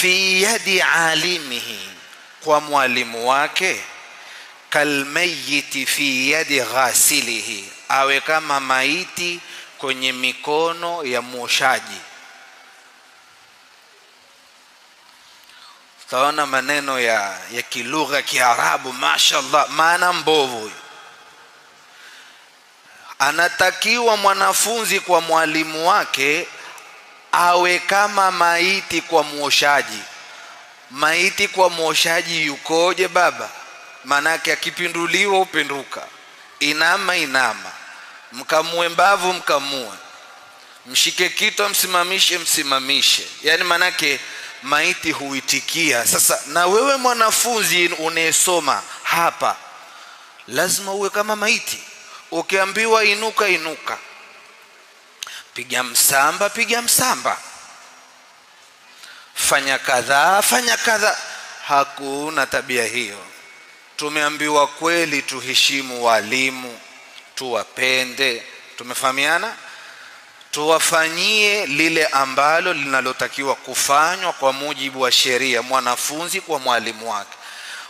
fi yadi alimihi, kwa mwalimu wake. Kalmayiti fi yadi ghasilihi, awe kama maiti kwenye mikono ya mwoshaji. Utaona maneno ya, ya kilugha Kiarabu, mashallah, maana mbovu. Anatakiwa mwanafunzi kwa mwalimu wake awe kama maiti kwa mwoshaji. Maiti kwa mwoshaji yukoje baba? Manake akipinduliwa upinduka, inama inama, mkamue mbavu mkamue, mshike kitu msimamishe msimamishe. Yani manake maiti huitikia. Sasa na wewe mwanafunzi unayesoma hapa, lazima uwe kama maiti. Ukiambiwa inuka, inuka piga msamba piga msamba fanya kadhaa fanya kadhaa hakuna tabia hiyo tumeambiwa kweli tuheshimu walimu tuwapende tumefahamiana tuwafanyie lile ambalo linalotakiwa kufanywa kwa mujibu wa sheria mwanafunzi kwa mwalimu wake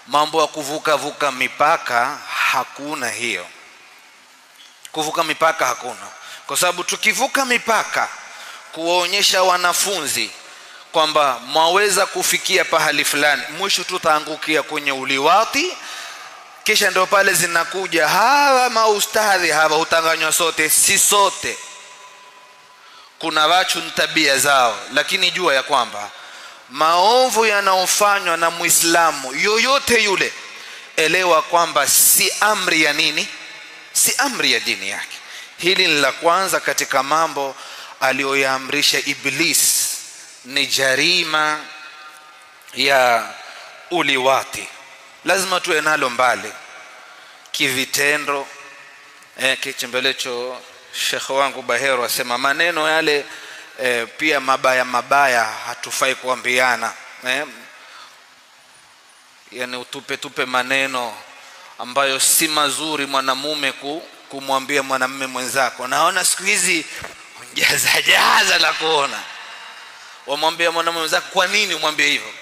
mambo ya kuvukavuka mipaka hakuna hiyo kuvuka mipaka hakuna kwa sababu tukivuka mipaka kuwaonyesha wanafunzi kwamba mwaweza kufikia pahali fulani mwisho tutaangukia kwenye uliwati kisha ndio pale zinakuja hawa maustadhi hawa hutanganywa sote si sote kuna wachu ni tabia zao lakini jua ya kwamba maovu yanayofanywa na muislamu yoyote yule elewa kwamba si amri ya nini si amri ya dini yake hili ni la kwanza katika mambo aliyoyaamrisha iblis ni jarima ya uliwati lazima tuwe nalo mbali kivitendo eh, kichembelecho shekhe wangu bahero asema maneno yale e, pia mabaya mabaya hatufai kuambiana eh, yani utupe tupe maneno ambayo si mazuri mwanamume kumwambia mwanamume mwenzako naona siku hizi jaza la kuona wamwambia mwanamume mwenzako kwa nini umwambie hivyo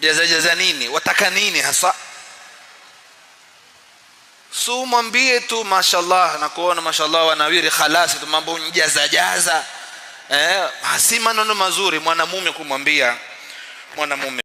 jazajaza nini wataka nini hasa su mwambie tu mashallah na kuona mashallah wanawiri khalasi tu mambo jaza eh, si maneno mazuri mwanamume kumwambia mwanamume